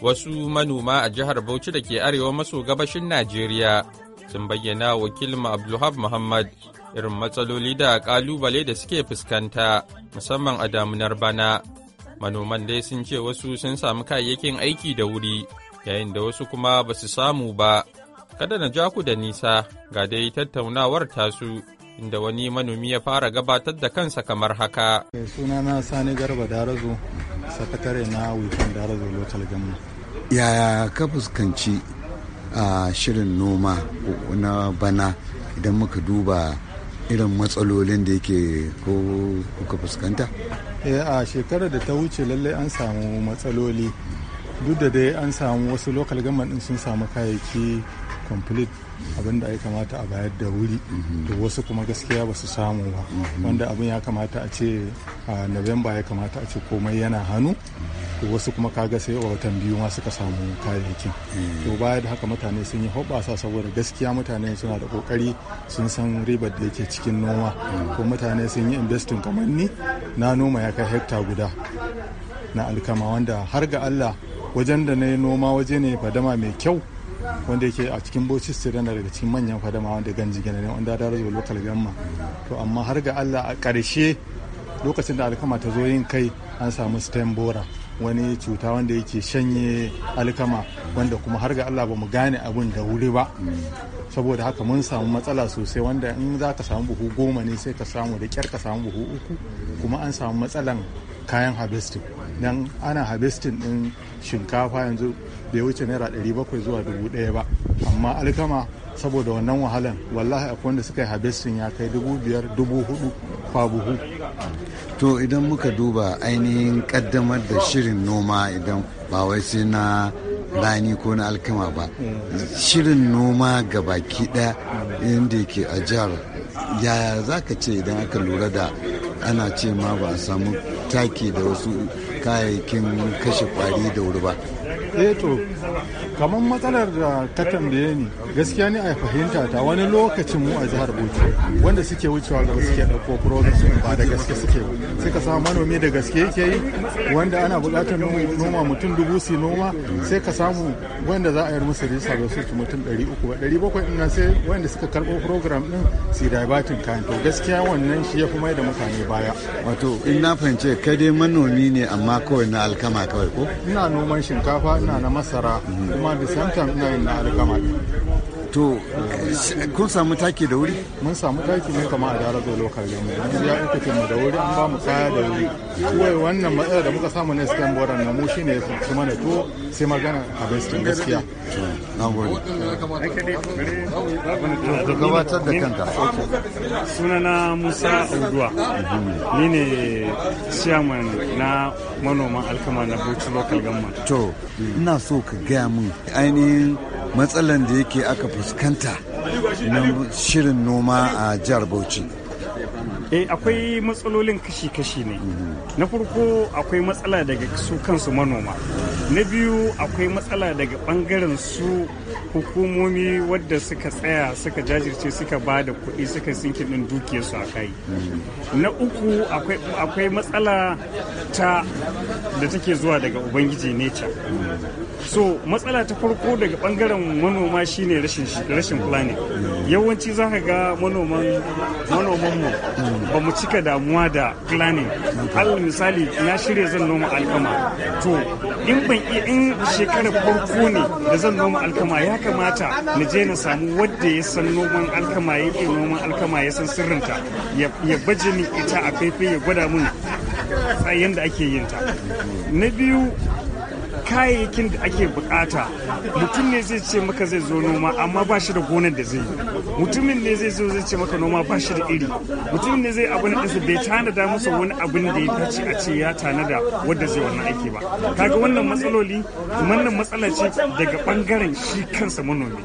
Wasu manoma a jihar Bauchi da ke arewa maso gabashin Najeriya sun bayyana wakilin Abdulhab Muhammad irin matsaloli da ƙalubale da suke fuskanta musamman a damunar bana. Manoman dai sun ce wasu sun samu kayayyakin aiki da wuri yayin da wasu kuma ba su samu ba. Kada na ja ku da nisa ga dai tattaunawar tasu inda wani manomi ya fara gabatar da kansa kamar haka. Sunana Sani Garba Darazo sakatare na wifan da da local gamma yaya ka fuskanci a shirin noma na bana idan muka duba irin matsalolin da yake ko kuka fuskanta eh, a shekarar da ta wuce lallai an samu matsaloli duk da dai an samu wasu lokal gama din sun samu kayayyaki complete abin da ya kamata a bayar da wuri da mhm. wasu kuma gaskiya ba su samu ba mhm. wanda abin ya kamata a ce a november ya kamata a ce komai yana hannu to wasu kuma kaga sai a watan biyu ma suka samu kayayyakin eh. to baya da haka mutane sun yi hoɓasa saboda gaskiya mutane suna da kokari sun san ribar da yake cikin noma mm. ko mutane sun yi investing kamar ni na noma ya kai hekta guda na alkama wanda har ga allah wajen da na yi noma waje ne fadama mai kyau wanda yake a cikin bocis state yana daga cikin manyan fadama wanda ganji gina ne wanda da rajuwa lokal gamma to amma har ga allah a ƙarshe lokacin da alkama ta zo yin kai an samu stem bora wani cuta wanda yake shanye alkama wanda kuma har ga allah ba mu gane abun da wuri ba saboda haka mun samu matsala sosai wanda in za ka samu buhu goma ne sai ka samu da kyar ka samu buhu uku kuma an samu matsalan kayan harvesting dan ana harvesting din shinkafa yanzu bai wuce naira 700 zuwa 1000 ba amma alkama saboda wannan wahalan wallahi akwai wanda suka yi harvesting ya kai 5000 4000 kwa buhu to idan muka duba ainihin kaddamar da shirin noma idan ba wai sai na rani ko na alkama ba shirin noma ga baki ɗaya inda ke a jihar yaya za ka ce idan aka lura da ana ce ma ba a samu taki da wasu kayayyakin kashe kwari da wuri ba. Eh kamar matsalar ah, da ka tambaye ni gaskiya ne a fahimta ta wani lokacin mu a jihar bauchi wanda suke wucewa ga suke ɗauko produce ba da gaske suke ka samu manomi da gaske yake yi wanda ana buƙatar noma mutum dubu su noma sai ka samu wanda za a yi musu risa ga su mutum ɗari uku ba ɗari bakwai ina sai wanda suka karɓo program ɗin su daibatin kayan to gaskiya wannan shi ya fi mai da mutane baya. wato eh, in na fahimce kai dai manomi ne amma kawai na alkama kawai ko. ina noman shinkafa ina na masara mhm. kuma kuma da santan ina yin na alƙama to eh, kun samu taki da wuri mun samu taki ne kama a gara zo lokal gamu mun ya ita ce mu da wuri an ba mu kaya da wuri kawai wannan matsala da muka samu ne stem boran na mu shine ya su mana to sai magana a bestin gaskiya nagode to gabatar da kanka sunana Musa Auduwa ni ne chairman na manoman alkama na Bauchi local government to ina so ka gaya mun ainihin matsalan da yake aka fuskanta na shirin noma a jihar Bauchi? Eh akwai matsalolin kashi-kashi ne. Na farko akwai matsala daga su kansu manoma. Na biyu akwai matsala daga bangaren su hukumomi wadda suka tsaya suka jajirce suka ba da kuɗi suka sinkin ɗin dukiyarsu a kai na uku akwai matsala ta da take zuwa daga ubangiji neca so matsala ta farko daga bangaren manoma shine rashin planning yawanci za ka ga manoman manomanmu ba mu cika damuwa da planning alal misali na shirya zan noma alkama to in ban iya in shekarar farko ne da zan noma alkama ya kamata na je na samu wadda ya san noman alkama ya ke noman alkama ya san sirrinta ya baje ni ita a faifai ya gwada mun yadda ake yin ta na biyu kayayyakin da ake bukata mutum ne zai ce maka zai zo noma amma ba shi da gonar da zai yi mutumin ne zai zo zai ce maka noma ba shi da iri mutumin ne zai abin ɗinsa bai tanada masa wani abin da ya dace a ce ya tanada wadda zai wannan aiki ba kaga wannan matsaloli wannan matsala ce daga bangaren shi kansa manomi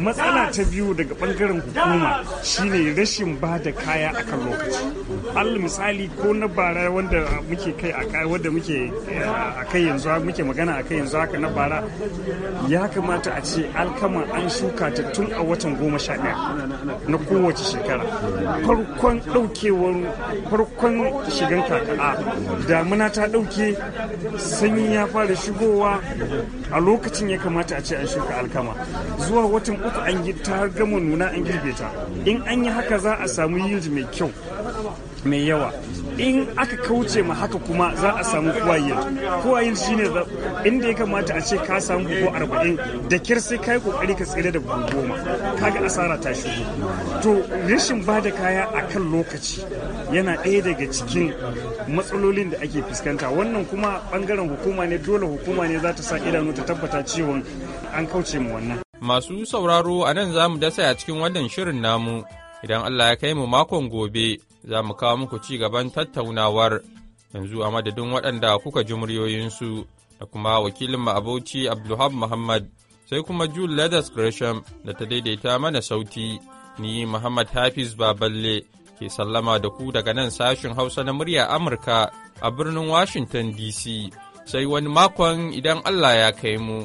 matsala ta biyu daga bangaren hukuma shine rashin ba da kaya a kan lokaci al misali ko na bara wanda muke kai a kai wanda muke eh, a kai yanzu muke magana a kai yanzu haka na bara ya kamata a ce alkama an shuka ta tun a watan goma sha ɗaya na kowace shekara farkon ɗaukewar farkon shigan kaka'a damuna ta ɗauke sanyi ya fara shigowa a lokacin ya kamata a ce an shuka alkama zuwa watan uku an yi ta gama nuna an girbe ta in an yi haka za a samu yield mai kyau mai yawa in aka kauce ma haka kuma za a samu kuwayin kuwayin shine inda ya kamata a ce ka samu buhu arba'in da kyar sai ka yi kokari ka tsere da buhu goma kaga asara ta shigo to rashin ba da kaya a kan lokaci yana ɗaya daga cikin matsalolin da ake fuskanta wannan kuma ɓangaren hukuma ne dole hukuma ne za ta sa idanu ta tabbata cewa an kauce ma wannan Masu sauraro a nan za mu dasa a cikin wannan shirin namu, idan Allah ya kai mu makon gobe za mu kawo muku ci gaban tattaunawar yanzu a madadin waɗanda kuka ji muryoyinsu da kuma wakilin mu abauci Abdulhab Muhammad sai kuma jul Ladas Gresham da ta daidaita mana sauti ni Muhammad Hafiz Baballe ke sallama da ku daga nan sashin Hausa na murya Amurka a birnin Washington DC sai wani makon idan Allah ya kai mu.